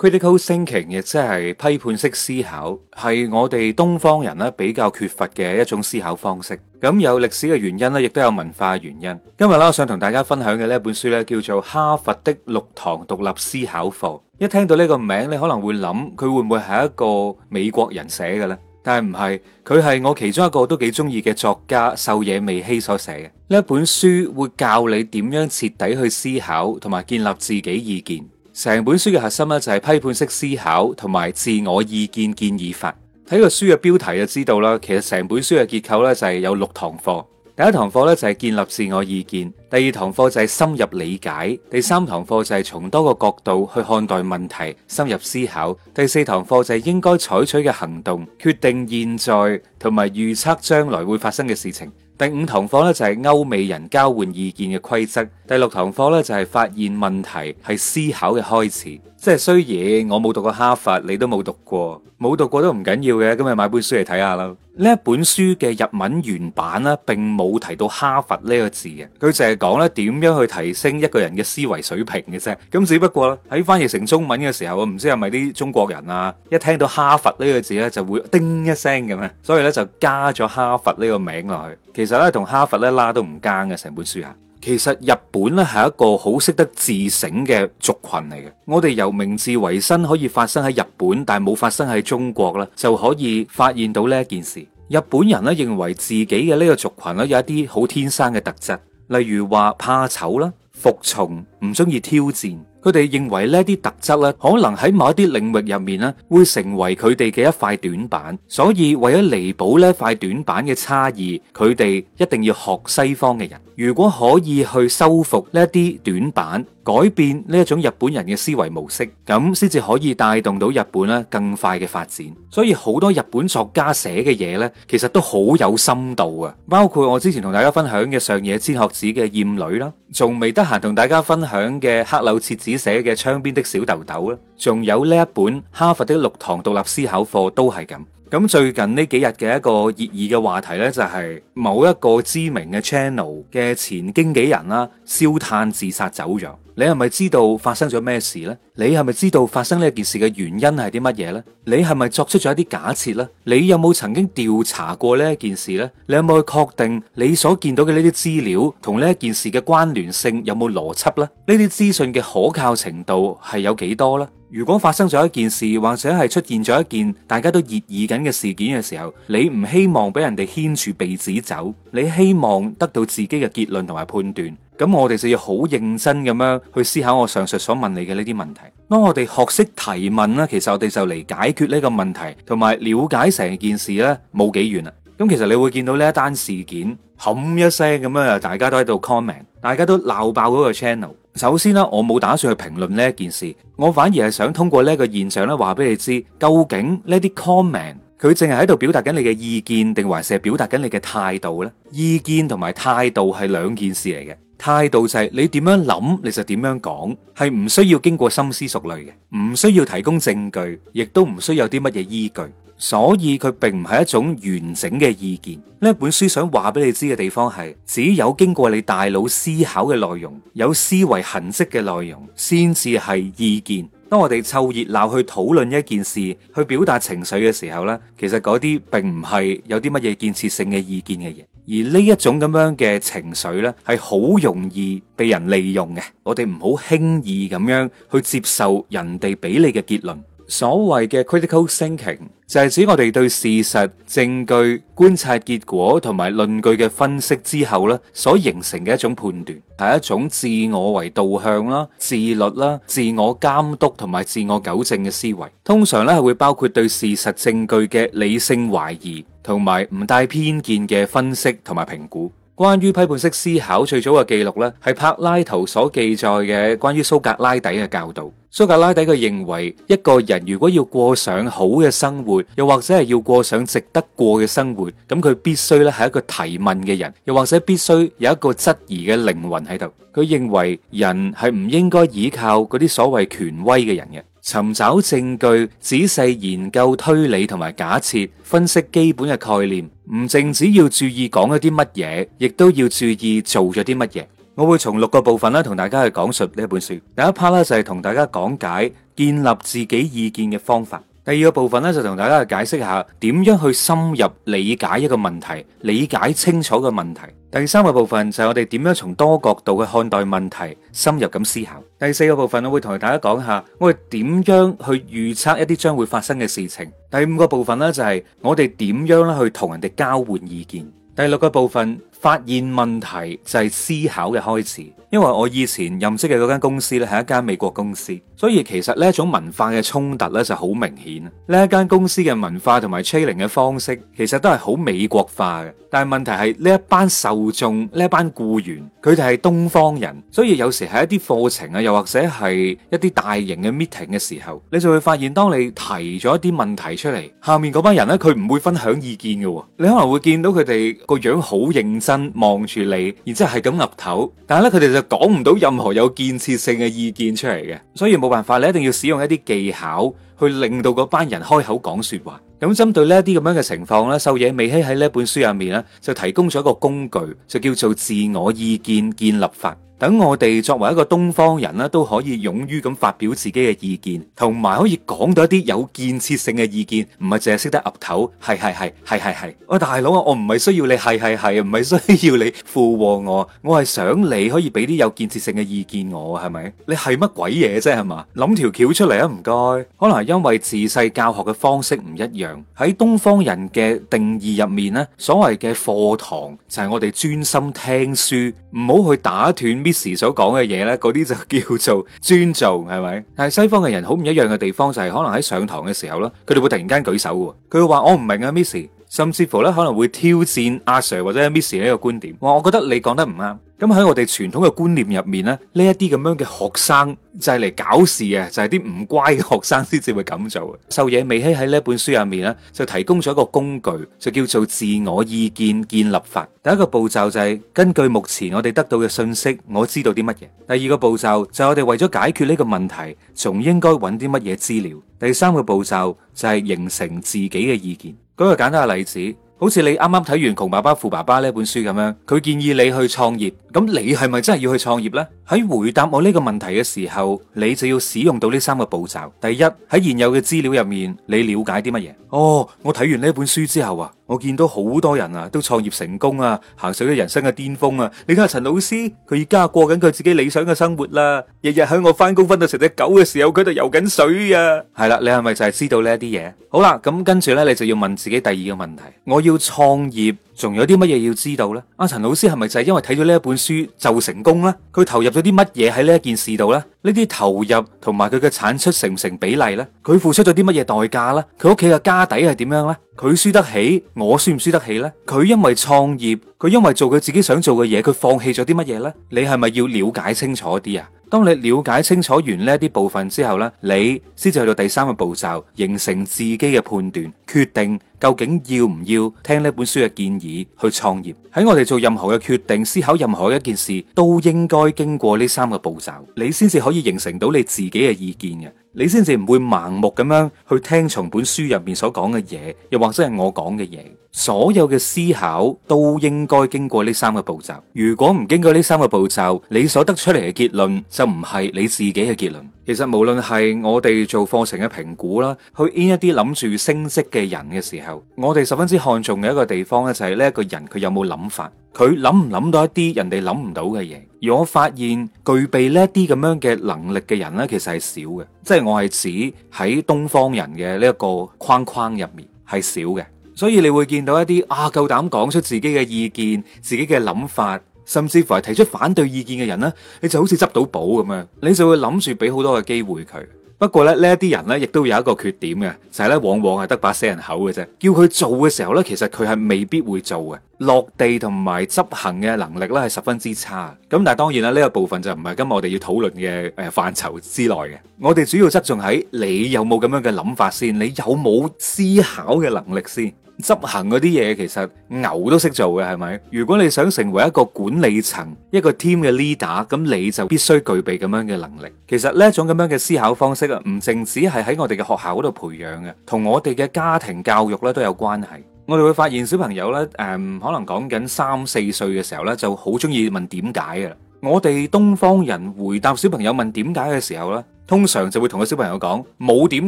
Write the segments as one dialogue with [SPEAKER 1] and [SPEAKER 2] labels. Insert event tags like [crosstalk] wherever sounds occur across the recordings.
[SPEAKER 1] critical thinking 亦即係批判式思考，係我哋東方人咧比較缺乏嘅一種思考方式。咁有歷史嘅原因咧，亦都有文化原因。今日咧，我想同大家分享嘅呢本書咧，叫做《哈佛的六堂獨立思考課》。一聽到呢個名，你可能會諗佢會唔會係一個美國人寫嘅咧？但係唔係，佢係我其中一個都幾中意嘅作家——狩野未希所寫嘅呢本書，會教你點樣徹底去思考同埋建立自己意見。成本書嘅核心咧，就係批判式思考同埋自我意見建議法。睇個書嘅標題就知道啦。其實成本書嘅結構咧，就係有六堂課。第一堂課咧，就係建立自我意見，第二堂課就係深入理解，第三堂課就係從多個角度去看待問題，深入思考。第四堂課就係應該採取嘅行動，決定現在同埋預測將來會發生嘅事情。第五堂課呢就係歐美人交換意見嘅規則，第六堂課呢就係發現問題，係思考嘅開始。即係雖然我冇讀過哈佛，你都冇讀過，冇讀過都唔緊要嘅。今日買本書嚟睇下啦。呢一本書嘅日文原版啦，並冇提到哈佛呢個字嘅，佢淨係講咧點樣去提升一個人嘅思維水平嘅啫。咁只不過咧喺翻譯成中文嘅時候，我唔知係咪啲中國人啊一聽到哈佛呢個字咧就會叮一聲咁啊，所以咧就加咗哈佛呢個名落去。其實咧同哈佛咧拉都唔僵嘅成本書啊。其實日本咧係一個好識得自省嘅族群嚟嘅，我哋由明治維新可以發生喺日本，但係冇發生喺中國啦，就可以發現到呢一件事。日本人咧認為自己嘅呢個族群咧有一啲好天生嘅特質，例如話怕醜啦、服從、唔中意挑戰。佢哋認為呢啲特質咧，可能喺某一啲領域入面咧，會成為佢哋嘅一塊短板。所以為咗彌補呢塊短板嘅差異，佢哋一定要學西方嘅人。如果可以去修復呢啲短板。改變呢一種日本人嘅思維模式，咁先至可以帶動到日本啦更快嘅發展。所以好多日本作家寫嘅嘢呢，其實都好有深度啊。包括我之前同大家分享嘅上野千鶴子嘅《厭女》啦，仲未得閒同大家分享嘅黑柳徹子寫嘅《窗邊的小豆豆》啦，仲有呢一本《哈佛的六堂獨立思考課》都係咁。咁最近呢幾日嘅一個熱議嘅話題呢，就係某一個知名嘅 channel 嘅前經紀人啦，燒炭自殺走咗。你係咪知道發生咗咩事呢？你係咪知道發生呢件事嘅原因係啲乜嘢呢？你係咪作出咗一啲假設呢？你有冇曾經調查過呢件事呢？你有冇去確定你所見到嘅呢啲資料同呢一件事嘅關聯性有冇邏輯呢？呢啲資訊嘅可靠程度係有幾多呢？如果發生咗一件事，或者係出現咗一件大家都熱議緊嘅事件嘅時候，你唔希望俾人哋牽住鼻子走，你希望得到自己嘅結論同埋判斷。咁我哋就要好認真咁樣去思考我上述所問你嘅呢啲問題。當我哋學識提問呢，其實我哋就嚟解決呢個問題，同埋了解成件事呢冇幾遠啦。咁其實你會見到呢一單事件，冚一聲咁樣，大家都喺度 comment，大家都鬧爆嗰個 channel。首先啦，我冇打算去評論呢一件事，我反而係想通過呢一個現象咧，話俾你知，究竟呢啲 comment 佢淨係喺度表達緊你嘅意見，定還是表達緊你嘅態度呢？意見同埋態度係兩件事嚟嘅，態度就係你點樣諗，你就點樣講，係唔需要經過深思熟慮嘅，唔需要提供證據，亦都唔需要有啲乜嘢依據。所以佢並唔係一種完整嘅意見。呢本書想話俾你知嘅地方係，只有經過你大腦思考嘅內容，有思維痕跡嘅內容，先至係意見。當我哋湊熱鬧去討論一件事，去表達情緒嘅時候呢，其實嗰啲並唔係有啲乜嘢建設性嘅意見嘅嘢。而呢一種咁樣嘅情緒呢，係好容易被人利用嘅。我哋唔好輕易咁樣去接受人哋俾你嘅結論。所謂嘅 critical thinking 就係指我哋對事實、證據、觀察結果同埋論據嘅分析之後咧，所形成嘅一種判斷，係一種自我為導向啦、自律啦、自我監督同埋自我糾正嘅思維。通常咧係會包括對事實證據嘅理性懷疑同埋唔帶偏見嘅分析同埋評估。關於批判式思考最早嘅記錄咧，係柏拉圖所記載嘅關於蘇格拉底嘅教導。蘇格拉底佢認為，一個人如果要過上好嘅生活，又或者係要過上值得過嘅生活，咁佢必須咧係一個提問嘅人，又或者必須有一個質疑嘅靈魂喺度。佢認為人係唔應該依靠嗰啲所謂權威嘅人嘅。尋找證據、仔細研究、推理同埋假設、分析基本嘅概念，唔淨止要注意講咗啲乜嘢，亦都要注意做咗啲乜嘢。我會從六個部分啦，同大家去講述呢一本書。第一 part 啦就係同大家講解建立自己意見嘅方法。第二個部分咧，就同大家去解釋下點樣去深入理解一個問題，理解清楚個問題。第三個部分就係我哋點樣從多角度去看待問題，深入咁思考。第四個部分我會同大家講下我哋點樣去預測一啲將會發生嘅事情。第五個部分呢，就係我哋點樣去同人哋交換意見。第六個部分。發現問題就係思考嘅開始，因為我以前任職嘅嗰間公司咧係一間美國公司，所以其實呢一種文化嘅衝突咧就好明顯。呢一間公司嘅文化同埋 training 嘅方式，其實都係好美國化嘅。但係問題係呢一班受眾，呢一班僱員，佢哋係東方人，所以有時係一啲課程啊，又或者係一啲大型嘅 meeting 嘅時候，你就會發現，當你提咗一啲問題出嚟，下面嗰班人咧佢唔會分享意見嘅哦。你可能會見到佢哋個樣好認真望住你，然之後係咁岌頭，但係咧佢哋就講唔到任何有建設性嘅意見出嚟嘅，所以冇辦法，你一定要使用一啲技巧去令到嗰班人開口講說話。咁針對呢一啲咁樣嘅情況咧，狩野未希喺呢一本書入面咧就提供咗一個工具，就叫做自我意見建立法。等我哋作為一個東方人咧，都可以勇於咁發表自己嘅意見，同埋可以講到一啲有建設性嘅意見，唔係淨係識得岌頭，係係係係係係。喂大佬啊，我唔係需要你係係係，唔係需要你附和我，我係想你可以俾啲有建設性嘅意見我，係咪？你係乜鬼嘢啫？係嘛？諗條橋出嚟啊！唔該。可能係因為自細教學嘅方式唔一樣，喺東方人嘅定義入面咧，所謂嘅課堂就係我哋專心聽書，唔好去打斷。Miss 所講嘅嘢咧，嗰啲就叫做尊重，係咪？但係西方嘅人好唔一樣嘅地方就係、是，可能喺上堂嘅時候咧，佢哋會突然間舉手，佢會話我唔明啊，Miss。甚至乎咧，可能會挑戰阿、啊、Sir 或者 Miss 呢個觀點，哦。我覺得你講得唔啱。咁喺我哋傳統嘅觀念入面咧，呢一啲咁樣嘅學生就係嚟搞事嘅，就係啲唔乖嘅學生先至會咁做。狩野未希喺呢本書入面咧，就提供咗一個工具，就叫做自我意見建立法。第一個步驟就係、是、根據目前我哋得到嘅信息，我知道啲乜嘢。第二個步驟就係我哋為咗解決呢個問題，仲應該揾啲乜嘢資料。第三個步驟就係形成自己嘅意見。舉個簡單嘅例子，好似你啱啱睇完窮爸爸富爸爸呢本書咁樣，佢建議你去創業，咁你係咪真係要去創業呢？喺回答我呢個問題嘅時候，你就要使用到呢三個步驟。第一，喺現有嘅資料入面，你了解啲乜嘢？哦，我睇完呢本書之後啊，我見到好多人啊，都創業成功啊，行上咗人生嘅巔峰啊！你睇下陳老師，佢而家過緊佢自己理想嘅生活啦，啊，日日喺我翻工翻到成隻狗嘅時候，佢度游緊水啊！係啦， [noise] 你係咪就係知道呢一啲嘢？好啦，咁跟住呢，你就要問自己第二個問題：我要創業。仲有啲乜嘢要知道呢？阿陳老師係咪就係因為睇咗呢一本書就成功呢？佢投入咗啲乜嘢喺呢一件事度呢？呢啲投入同埋佢嘅產出成唔成比例呢？佢付出咗啲乜嘢代價呢？佢屋企嘅家底係點樣呢？佢輸得起，我輸唔輸得起呢？佢因為創業，佢因為做佢自己想做嘅嘢，佢放棄咗啲乜嘢呢？你係咪要了解清楚啲啊？當你了解清楚完呢一啲部分之後呢，你先至去到第三個步驟，形成自己嘅判斷，決定究竟要唔要聽呢本書嘅建議去創業。喺我哋做任何嘅決定、思考任何一件事，都應該經過呢三個步驟，你先至可以形成到你自己嘅意見嘅，你先至唔會盲目咁樣去聽從本書入面所講嘅嘢，又或者係我講嘅嘢。所有嘅思考都應該經過呢三個步驟。如果唔經過呢三個步驟，你所得出嚟嘅結論就唔係你自己嘅結論。其實無論係我哋做課程嘅評估啦，去 in 一啲諗住升職嘅人嘅時候，我哋十分之看重嘅一個地方咧，就係呢一個人佢有冇諗法，佢諗唔諗到一啲人哋諗唔到嘅嘢。而我發現具備呢一啲咁樣嘅能力嘅人咧，其實係少嘅。即係我係指喺東方人嘅呢一個框框入面係少嘅。所以你會見到一啲啊，夠膽講出自己嘅意見、自己嘅諗法，甚至乎係提出反對意見嘅人呢，你就好似執到寶咁樣，你就會諗住俾好多嘅機會佢。不過咧，呢一啲人呢，亦都有一個缺點嘅，就係呢，往往係得把聲人口嘅啫，叫佢做嘅時候呢，其實佢係未必會做嘅。落地同埋執行嘅能力咧，係十分之差。咁但係當然啦，呢個部分就唔係今日我哋要討論嘅誒範疇之內嘅。我哋主要側重喺你有冇咁樣嘅諗法先，你有冇思考嘅能力先。執行嗰啲嘢其實牛都識做嘅，係咪？如果你想成為一個管理層，一個 team 嘅 leader，咁你就必須具備咁樣嘅能力。其實呢一種咁樣嘅思考方式啊，唔淨止係喺我哋嘅學校嗰度培養嘅，同我哋嘅家庭教育咧都有關係。我哋會發現小朋友咧，誒、嗯，可能講緊三四歲嘅時候咧，就好中意問點解嘅啦。我哋東方人回答小朋友問點解嘅時候咧，通常就會同個小朋友講，冇點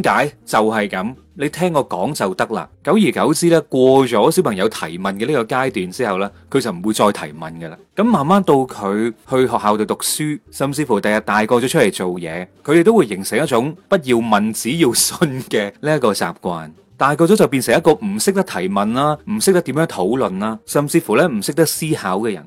[SPEAKER 1] 解，就係咁，你聽我講就得啦。久而久之咧，過咗小朋友提問嘅呢個階段之後咧，佢就唔會再提問嘅啦。咁慢慢到佢去學校度讀書，甚至乎第日大個咗出嚟做嘢，佢哋都會形成一種不要問只要信嘅呢一個習慣。大個咗就變成一個唔識得提問啦，唔識得點樣討論啦，甚至乎咧，唔識得思考嘅人。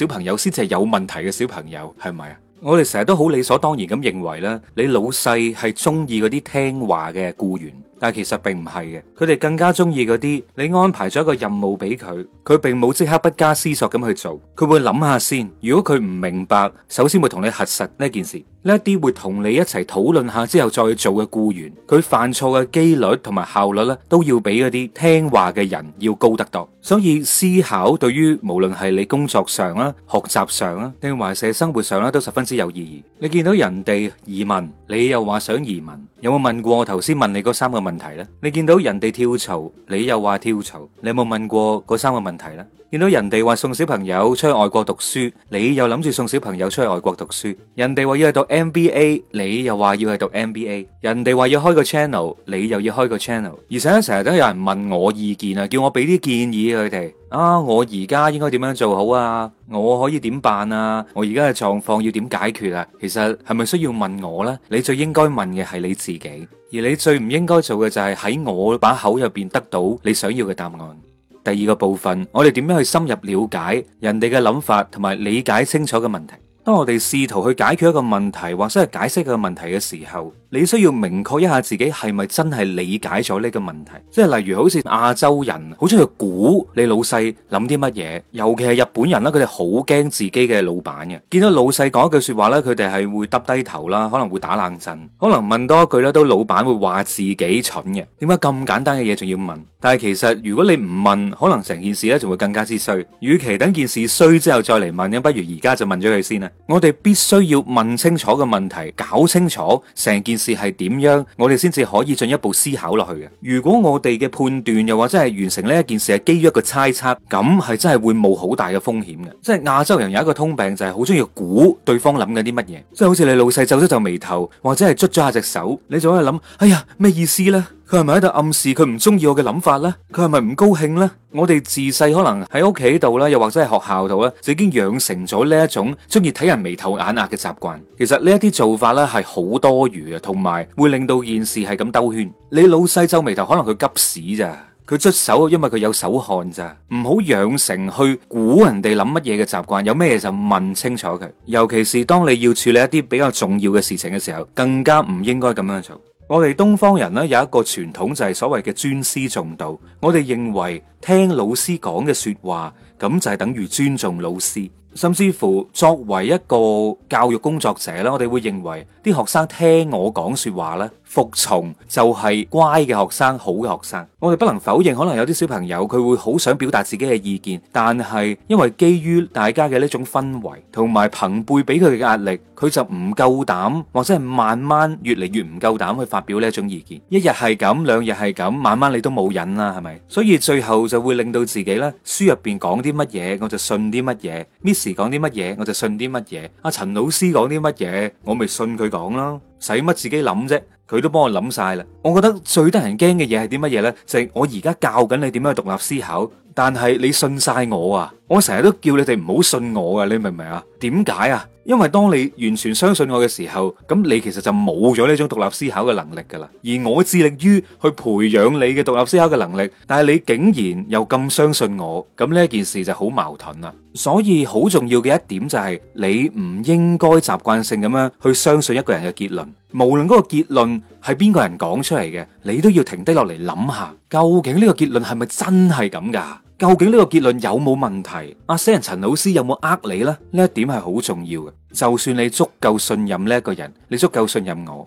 [SPEAKER 1] 小朋友先至係有問題嘅小朋友，係咪啊？我哋成日都好理所當然咁認為咧，你老細係中意嗰啲聽話嘅僱員。但其實並唔係嘅，佢哋更加中意嗰啲你安排咗一個任務俾佢，佢並冇即刻不加思索咁去做，佢會諗下先。如果佢唔明白，首先會同你核實呢件事。呢一啲會同你一齊討論下之後再做嘅僱員，佢犯錯嘅機率同埋效率咧，都要比嗰啲聽話嘅人要高得多。所以思考對於無論係你工作上啦、學習上啦，定還是生活上啦，都十分之有意義。你見到人哋移民，你又話想移民，有冇問過我頭先問你嗰三個問題？問題咧，你見到人哋跳槽，你又話跳槽，你有冇問過嗰三個問題呢？見到人哋話送小朋友出去外國讀書，你又諗住送小朋友出去外國讀書；人哋話要去讀 MBA，你又話要去讀 MBA；人哋話要開個 channel，你又要開個 channel。而且成日都有人問我意見啊，叫我俾啲建議佢哋啊。我而家應該點樣做好啊？我可以點辦啊？我而家嘅狀況要點解決啊？其實係咪需要問我呢？你最應該問嘅係你自己，而你最唔應該做嘅就係喺我把口入邊得到你想要嘅答案。第二個部分，我哋點樣去深入了解人哋嘅諗法，同埋理解清楚嘅問題。當我哋試圖去解決一個問題，或者係解釋個問題嘅時候，你需要明確一下自己係咪真係理解咗呢個問題。即係例如好似亞洲人好中意估你老細諗啲乜嘢，尤其係日本人啦，佢哋好驚自己嘅老闆嘅。見到老細講一句說話咧，佢哋係會耷低頭啦，可能會打冷震，可能問多一句咧，都老闆會話自己蠢嘅。點解咁簡單嘅嘢仲要問？但係其實如果你唔問，可能成件事咧仲會更加之衰。與其等件事衰之後再嚟問，咁不如而家就問咗佢先啦。我哋必須要問清楚個問題，搞清楚成件事係點樣，我哋先至可以進一步思考落去嘅。如果我哋嘅判斷又或者係完成呢一件事係基於一個猜測，咁係真係會冒好大嘅風險嘅。即係亞洲人有一個通病，就係好中意估對方諗緊啲乜嘢。即係好似你老細皺咗皺眉頭，或者係捽咗下隻手，你就喺度諗，「哎呀咩意思呢？」佢係咪喺度暗示佢唔中意我嘅諗法呢？佢係咪唔高興呢？我哋自細可能喺屋企度啦，又或者係學校度啦，就已經養成咗呢一種中意睇人眉頭眼額嘅習慣。其實呢一啲做法呢，係好多餘啊，同埋會令到件事係咁兜圈。你老細皺眉頭，可能佢急屎咋？佢出手，因為佢有手汗咋？唔好養成去估人哋諗乜嘢嘅習慣，有咩嘢就問清楚佢。尤其是當你要處理一啲比較重要嘅事情嘅時候，更加唔應該咁樣做。我哋東方人呢，有一個傳統，就係所謂嘅尊師重道。我哋認為聽老師講嘅說話，咁就係等於尊重老師。甚至乎，作為一個教育工作者咧，我哋會認為啲學生聽我講説話咧，服從就係乖嘅學生，好嘅學生。我哋不能否認，可能有啲小朋友佢會好想表達自己嘅意見，但係因為基於大家嘅呢種氛圍，同埋朋輩俾佢嘅壓力，佢就唔夠膽，或者係慢慢越嚟越唔夠膽去發表呢一種意見。一日係咁，兩日係咁，慢慢你都冇癮啦，係咪？所以最後就會令到自己咧，書入邊講啲乜嘢，我就信啲乜嘢。時講啲乜嘢我就信啲乜嘢，阿、啊、陳老師講啲乜嘢我咪信佢講咯，使乜自己諗啫，佢都幫我諗晒啦。我覺得最得人驚嘅嘢係啲乜嘢呢？就係、是、我而家教緊你點樣去獨立思考，但係你信晒我啊！我成日都叫你哋唔好信我啊！你明唔明啊？點解啊？因為當你完全相信我嘅時候，咁你其實就冇咗呢種獨立思考嘅能力噶啦。而我致力於去培養你嘅獨立思考嘅能力，但係你竟然又咁相信我，咁呢件事就好矛盾喇！所以好重要嘅一點就係、是、你唔應該習慣性咁樣去相信一個人嘅結論，無論嗰個結論係邊個人講出嚟嘅，你都要停低落嚟諗下想想，究竟呢個結論係咪真係咁噶？究竟呢個結論有冇問題？阿 Sir 陳老師有冇呃你呢？呢一點係好重要嘅。就算你足夠信任呢一個人，你足夠信任我。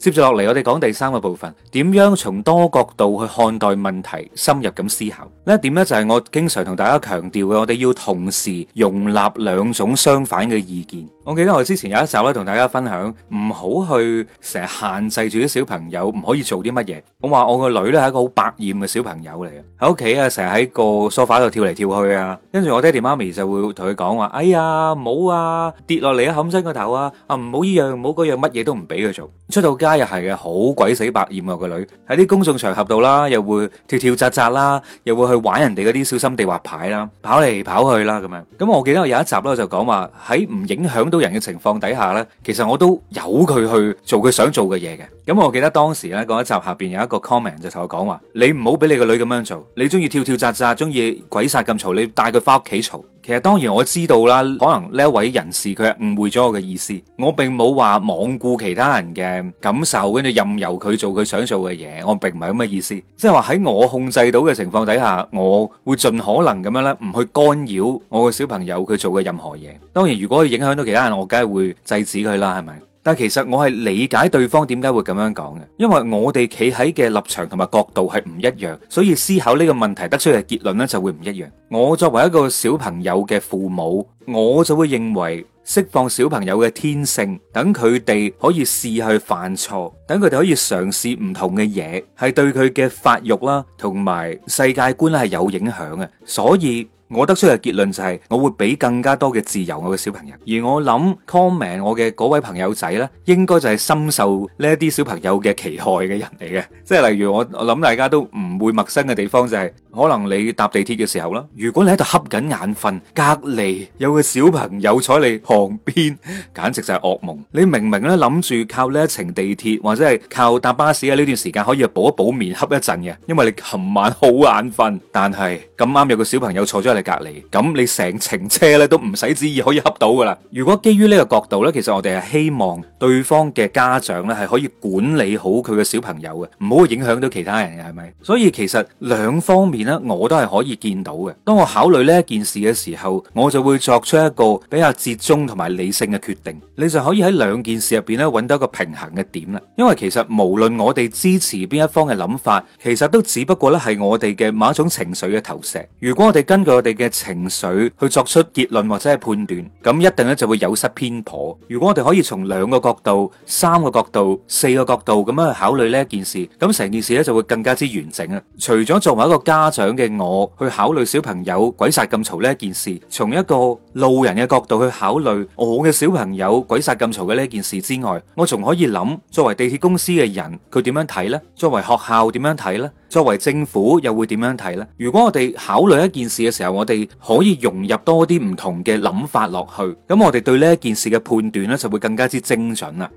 [SPEAKER 1] 接住落嚟，我哋講第三個部分，點樣從多角度去看待問題，深入咁思考。呢一點咧就係我經常同大家強調嘅，我哋要同時容納兩種相反嘅意見。我記得我之前有一集咧同大家分享，唔好去成日限制住啲小朋友唔可以做啲乜嘢。我話我個女咧係一個好百厭嘅小朋友嚟嘅，喺屋企啊成日喺個梳化度跳嚟跳去啊，跟住我爹哋媽咪就會同佢講話：哎呀，唔好啊，跌落嚟啊，冚親個頭啊，啊唔好依樣，唔好嗰樣，乜嘢都唔俾佢做。出到街。又係嘅，好鬼死百厭啊！個女喺啲公眾場合度啦，又會跳跳扎扎啦，又會去玩人哋嗰啲小心地滑牌啦，跑嚟跑去啦，咁樣。咁我記得我有一集咧，就講話喺唔影響到人嘅情況底下呢，其實我都由佢去做佢想做嘅嘢嘅。咁我記得當時呢，嗰一集下邊有一個 comment 就同我講話：你唔好俾你個女咁樣做，你中意跳跳扎扎，中意鬼殺咁嘈，你帶佢翻屋企嘈。其實當然我知道啦，可能呢一位人士佢係誤會咗我嘅意思，我並冇話罔顧其他人嘅感受，跟住任由佢做佢想做嘅嘢，我並唔係咁嘅意思，即係話喺我控制到嘅情況底下，我會盡可能咁樣咧，唔去干擾我嘅小朋友佢做嘅任何嘢。當然，如果佢影響到其他人，我梗係會制止佢啦，係咪？但其實我係理解對方點解會咁樣講嘅，因為我哋企喺嘅立場同埋角度係唔一樣，所以思考呢個問題得出嘅結論咧就會唔一樣。我作為一個小朋友嘅父母，我就會認為釋放小朋友嘅天性，等佢哋可以試去犯錯，等佢哋可以嘗試唔同嘅嘢，係對佢嘅發育啦，同埋世界觀咧係有影響嘅，所以。我得出嘅結論就係我會俾更加多嘅自由我嘅小朋友，而我諗 comment 我嘅嗰位朋友仔呢，應該就係深受呢一啲小朋友嘅期害嘅人嚟嘅，即係例如我我諗大家都唔會陌生嘅地方就係，是。可能你搭地鐵嘅時候啦，如果你喺度瞌緊眼瞓，隔籬有個小朋友坐你旁邊，簡直就係噩夢。你明明咧諗住靠呢一程地鐵或者係靠搭巴士喺呢段時間可以補一補眠，瞌一陣嘅，因為你琴晚好眼瞓。但係咁啱有個小朋友坐咗喺你隔籬，咁你成程車呢都唔使旨意可以瞌到噶啦。如果基於呢個角度呢，其實我哋係希望對方嘅家長呢係可以管理好佢嘅小朋友嘅，唔好影響到其他人嘅，係咪？所以其實兩方面。我都係可以見到嘅。當我考慮呢一件事嘅時候，我就會作出一個比較折中同埋理性嘅決定。你就可以喺兩件事入邊咧揾到一個平衡嘅點啦。因為其實無論我哋支持邊一方嘅諗法，其實都只不過咧係我哋嘅某一種情緒嘅投射。如果我哋根據我哋嘅情緒去作出結論或者係判斷，咁一定咧就會有失偏頗。如果我哋可以從兩個角度、三個角度、四個角度咁樣去考慮呢一件事，咁成件事咧就會更加之完整啊！除咗作為一個家長嘅我去考慮小朋友鬼殺咁嘈呢一件事，從一個路人嘅角度去考慮我嘅小朋友鬼殺咁嘈嘅呢件事之外，我仲可以諗作為地鐵公司嘅人佢點樣睇呢？作為學校點樣睇呢？作為政府又會點樣睇呢？如果我哋考慮一件事嘅時候，我哋可以融入多啲唔同嘅諗法落去，咁我哋對呢件事嘅判斷咧就會更加之精準啊！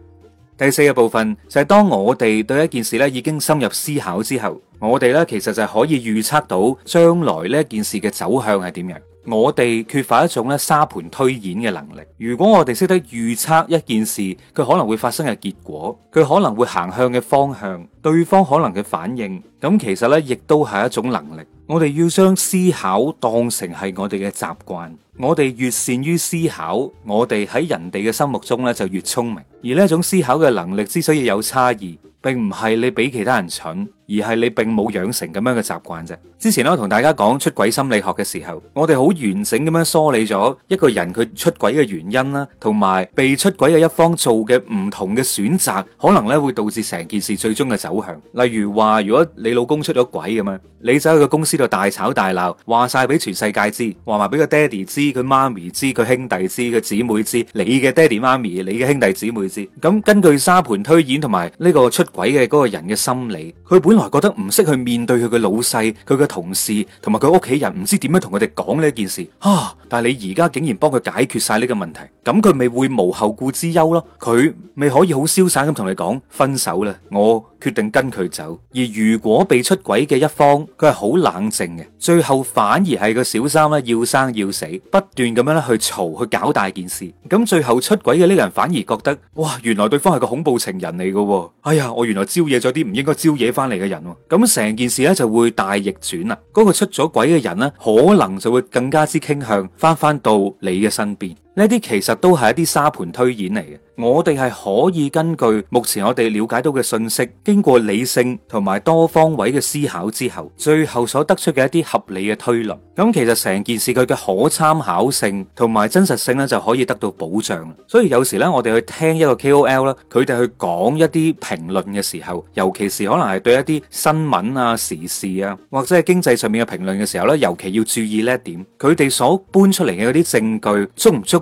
[SPEAKER 1] 第四個部分就係、是、當我哋對一件事咧已經深入思考之後，我哋咧其實就可以預測到將來呢件事嘅走向係點樣。我哋缺乏一種咧沙盤推演嘅能力。如果我哋識得預測一件事，佢可能會發生嘅結果，佢可能會行向嘅方向，對方可能嘅反應，咁其實咧亦都係一種能力。我哋要將思考當成係我哋嘅習慣。我哋越善於思考，我哋喺人哋嘅心目中咧就越聰明。而呢種思考嘅能力之所以有差異，並唔係你比其他人蠢，而係你並冇養成咁樣嘅習慣啫。之前咧，我同大家講出軌心理學嘅時候，我哋好完整咁樣梳理咗一個人佢出軌嘅原因啦，同埋被出軌嘅一方做嘅唔同嘅選擇，可能咧會導致成件事最終嘅走向。例如話，如果你老公出咗軌咁樣，你走去個公司度大吵大鬧，話晒俾全世界知，話埋俾個爹哋知，佢媽咪知，佢兄弟知，佢姊妹知，你嘅爹哋媽咪、你嘅兄弟姊妹。咁根據沙盤推演同埋呢個出軌嘅嗰個人嘅心理,佢本來覺得唔識去面對佢嘅老細、佢嘅同事同埋佢屋企人，唔知點樣同佢哋講呢件事。吓，但係你而家竟然幫佢解決晒呢個問題，咁佢咪會無後顧之憂咯？佢咪可以好瀟灑咁同你講分手啦，我決定跟佢走。而如果被出軌嘅一方，佢係好冷靜嘅，最後反而係個小三咧要生要死，不斷咁樣咧去嘈去搞大件事。咁最後出軌嘅呢個人反而覺得。哇！原來對方係個恐怖情人嚟嘅喎，哎呀，我原來招惹咗啲唔應該招惹翻嚟嘅人喎，咁成件事咧就會大逆轉喇！嗰個出咗軌嘅人咧，可能就會更加之傾向翻翻到你嘅身邊。呢啲其實都係一啲沙盤推演嚟嘅，我哋係可以根據目前我哋了解到嘅信息，經過理性同埋多方位嘅思考之後，最後所得出嘅一啲合理嘅推論。咁其實成件事佢嘅可參考性同埋真實性呢就可以得到保障。所以有時呢，我哋去聽一個 KOL 啦，佢哋去講一啲評論嘅時候，尤其是可能係對一啲新聞啊、時事啊，或者係經濟上面嘅評論嘅時候呢，尤其要注意呢一點，佢哋所搬出嚟嘅嗰啲證據足唔足？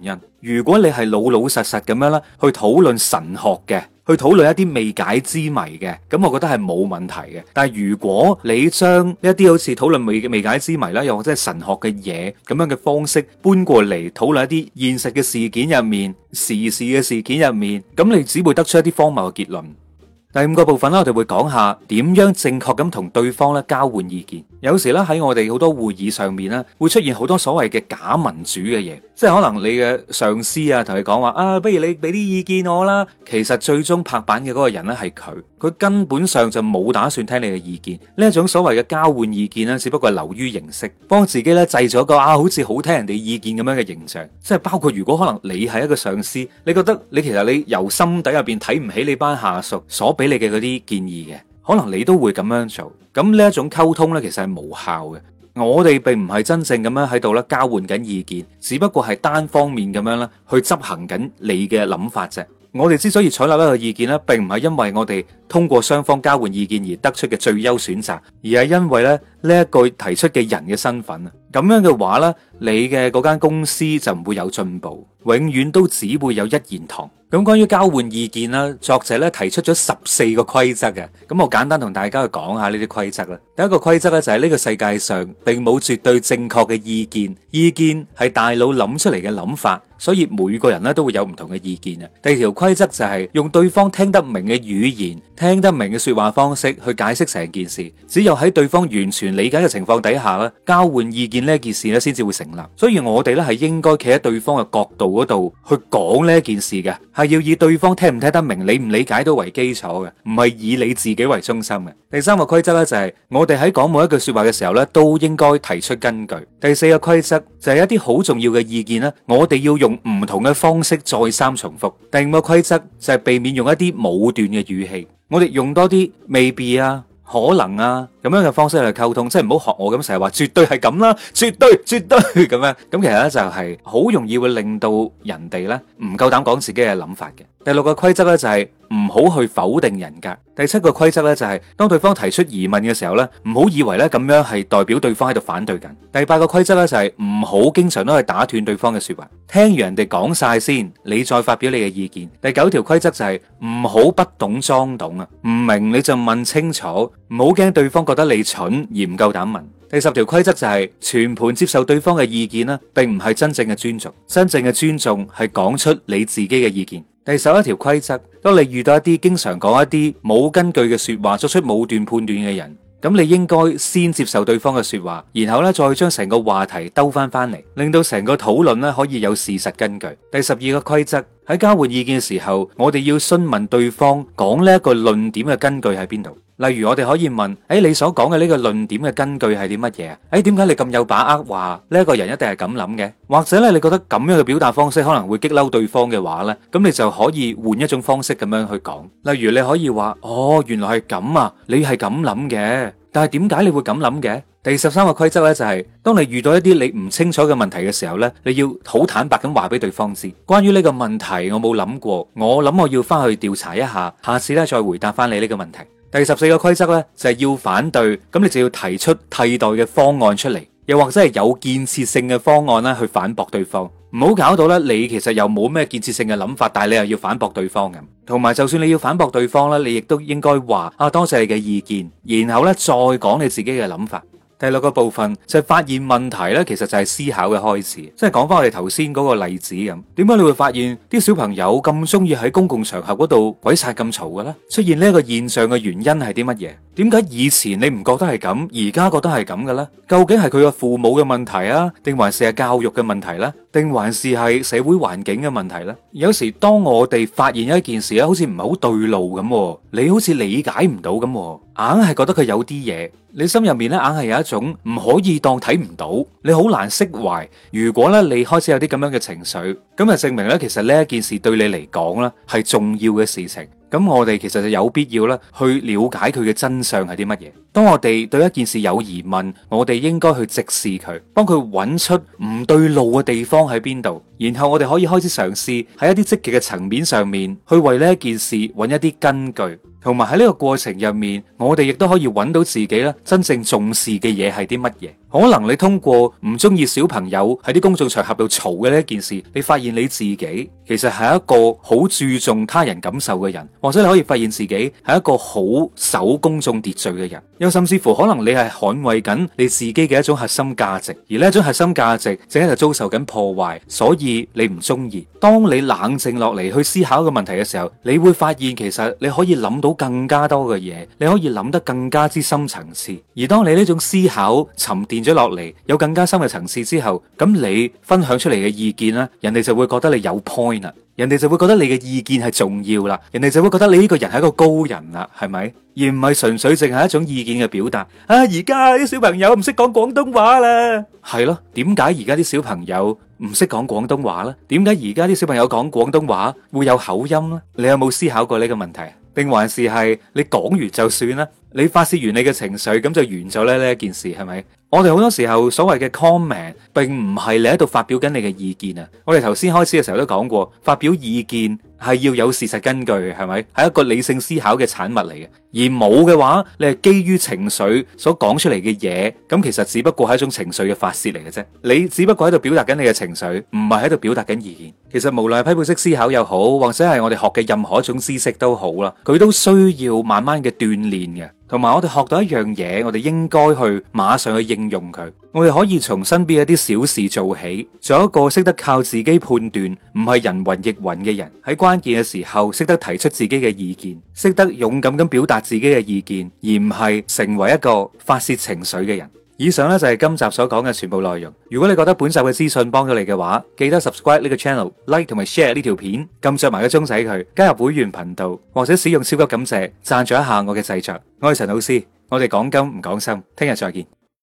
[SPEAKER 1] 因，如果你係老老實實咁樣咧，去討論神學嘅，去討論一啲未解之謎嘅，咁我覺得係冇問題嘅。但係如果你將一啲好似討論未未解之謎啦，又或者係神學嘅嘢，咁樣嘅方式搬過嚟討論一啲現實嘅事件入面，時事嘅事件入面，咁你只會得出一啲荒謬嘅結論。第五個部分啦，我哋會講下點樣正確咁同對方咧交換意見。有時咧喺我哋好多會議上面咧，會出現好多所謂嘅假民主嘅嘢，即係可能你嘅上司啊，同你講話啊，不如你俾啲意見我啦。其實最終拍板嘅嗰個人咧係佢，佢根本上就冇打算聽你嘅意見。呢一種所謂嘅交換意見咧，只不過係流於形式，幫自己咧製咗個啊，好似好聽人哋意見咁樣嘅形象。即係包括如果可能你係一個上司，你覺得你其實你由心底入邊睇唔起你班下屬所俾你嘅嗰啲建議嘅。可能你都會咁樣做，咁呢一種溝通呢，其實係無效嘅。我哋並唔係真正咁樣喺度咧交換緊意見，只不過係單方面咁樣咧去執行緊你嘅諗法啫。我哋之所以採納呢個意見呢，並唔係因為我哋通過雙方交換意見而得出嘅最優選擇，而係因為咧呢一句提出嘅人嘅身份。咁樣嘅話咧，你嘅嗰間公司就唔會有進步，永遠都只會有一言堂。咁關於交換意見啦，作者咧提出咗十四個規則嘅，咁我簡單同大家去講下呢啲規則啦。第一個規則咧就係呢個世界上並冇絕對正確嘅意見，意見係大腦諗出嚟嘅諗法，所以每個人咧都會有唔同嘅意見啊。第二條規則就係用對方聽得明嘅語言、聽得明嘅說話方式去解釋成件事，只有喺對方完全理解嘅情況底下啦，交換意見，呢一件事咧，先至會成立。所以我哋咧係應該企喺對方嘅角度嗰度去講呢一件事嘅，係要以對方聽唔聽得明、理唔理解都為基礎嘅，唔係以你自己為中心嘅。第三個規則咧就係我哋喺講每一句說話嘅時候咧，都應該提出根據。第四個規則就係一啲好重要嘅意見咧，我哋要用唔同嘅方式再三重複。第五個規則就係避免用一啲武斷嘅語氣，我哋用多啲未必啊、可能啊。咁樣嘅方式去溝通，即係唔好學我咁成日話絕對係咁啦，絕對絕對咁樣。咁其實咧就係好容易會令到人哋咧唔夠膽講自己嘅諗法嘅。第六個規則咧就係唔好去否定人格。第七個規則咧就係當對方提出疑問嘅時候咧，唔好以為咧咁樣係代表對方喺度反對緊。第八個規則咧就係唔好經常都去打斷對方嘅說話，聽完人哋講晒先，你再發表你嘅意見。第九條規則就係唔好不懂裝懂啊，唔明你就問清楚，唔好驚對方個。得你蠢而唔夠膽問。第十條規則就係全盤接受對方嘅意見呢並唔係真正嘅尊重。真正嘅尊重係講出你自己嘅意見。第十一條規則，當你遇到一啲經常講一啲冇根據嘅說話，作出武斷判斷嘅人，咁你應該先接受對方嘅說話，然後咧再將成個話題兜翻翻嚟，令到成個討論咧可以有事實根據。第十二個規則，喺交換意見嘅時候，我哋要詢問對方講呢一個論點嘅根據喺邊度。例如我哋可以問：誒、哎，你所講嘅呢個論點嘅根據係啲乜嘢？誒、哎，點解你咁有把握話呢一個人一定係咁諗嘅？或者咧，你覺得咁樣嘅表達方式可能會激嬲對方嘅話呢？咁你就可以換一種方式咁樣去講。例如你可以話：哦，原來係咁啊，你係咁諗嘅，但係點解你會咁諗嘅？第十三個規則呢，就係、是，當你遇到一啲你唔清楚嘅問題嘅時候呢，你要好坦白咁話俾對方知。關於呢個問題，我冇諗過，我諗我要翻去調查一下，下次咧再回答翻你呢個問題。第十四個規則咧，就係要反對，咁你就要提出替代嘅方案出嚟，又或者係有建設性嘅方案咧，去反駁對方。唔好搞到咧，你其實又冇咩建設性嘅諗法，但係你又要反駁對方咁。同埋，就算你要反駁對方咧，你亦都應該話啊，多謝你嘅意見，然後咧再講你自己嘅諗法。第六個部分就係、是、發現問題咧，其實就係思考嘅開始。即係講翻我哋頭先嗰個例子咁，點解你會發現啲小朋友咁中意喺公共場合嗰度鬼殺咁嘈嘅咧？出現呢一個現象嘅原因係啲乜嘢？點解以前你唔覺得係咁，而家覺得係咁嘅咧？究竟係佢個父母嘅問題啊，定還是係教育嘅問題咧？定還是係社會環境嘅問題咧？有時當我哋發現一件事啊，好似唔係好對路咁，你好似理解唔到咁。硬係覺得佢有啲嘢，你心入面咧硬係有一種唔可以當睇唔到，你好難釋懷。如果咧你開始有啲咁樣嘅情緒，咁就證明咧其實呢一件事對你嚟講咧係重要嘅事情。咁我哋其實就有必要咧去了解佢嘅真相係啲乜嘢。當我哋對一件事有疑問，我哋應該去直視佢，幫佢揾出唔對路嘅地方喺邊度，然後我哋可以開始嘗試喺一啲積極嘅層面上面去為呢一件事揾一啲根據，同埋喺呢個過程入面，我哋亦都可以揾到自己咧真正重視嘅嘢係啲乜嘢。可能你通過唔中意小朋友喺啲公眾場合度嘈嘅呢件事，你發現你自己其實係一個好注重他人感受嘅人，或者你可以發現自己係一個好守公眾秩序嘅人，又甚至乎可能你係捍衛緊你自己嘅一種核心價值，而呢一種核心價值正喺度遭受緊破壞，所以你唔中意。當你冷靜落嚟去思考一個問題嘅時候，你會發現其實你可以諗到更加多嘅嘢，你可以諗得更加之深層次。而當你呢種思考沉澱。咗落嚟，有更加深入層次之後，咁你分享出嚟嘅意見咧，人哋就會覺得你有 point 啊，人哋就會覺得你嘅意見係重要啦，人哋就會覺得你呢個人係一個高人啦，係咪？而唔係純粹淨係一種意見嘅表達啊！而家啲小朋友唔識講廣東話啦，係咯？點解而家啲小朋友唔識講廣東話呢？點解而家啲小朋友講廣東話會有口音呢？你有冇思考過呢個問題？定還是係你講完就算啦？你發泄完你嘅情緒，咁就完咗咧呢一件事，係咪？我哋好多時候所謂嘅 comment 並唔係你喺度發表緊你嘅意見啊！我哋頭先開始嘅時候都講過，發表意見係要有事實根據，係咪？係一個理性思考嘅產物嚟嘅，而冇嘅話，你係基於情緒所講出嚟嘅嘢，咁其實只不過係一種情緒嘅發泄嚟嘅啫。你只不過喺度表達緊你嘅情緒，唔係喺度表達緊意見。其實無論係批判式思考又好，或者係我哋學嘅任何一種知識都好啦，佢都需要慢慢嘅鍛煉嘅。同埋我哋學到一樣嘢，我哋應該去馬上去應用佢。我哋可以從身邊一啲小事做起，做一個識得靠自己判斷，唔係人云亦云嘅人。喺關鍵嘅時候，識得提出自己嘅意見，識得勇敢咁表達自己嘅意見，而唔係成為一個發洩情緒嘅人。以上咧就係今集所講嘅全部內容。如果你覺得本集嘅資訊幫到你嘅話，記得 subscribe 呢個 channel，like 同埋 share 呢條片，撳着埋個鐘仔佢，加入會員頻道或者使用超級感謝贊助一下我嘅製作。我係陳老師，我哋講金唔講心，聽日再見。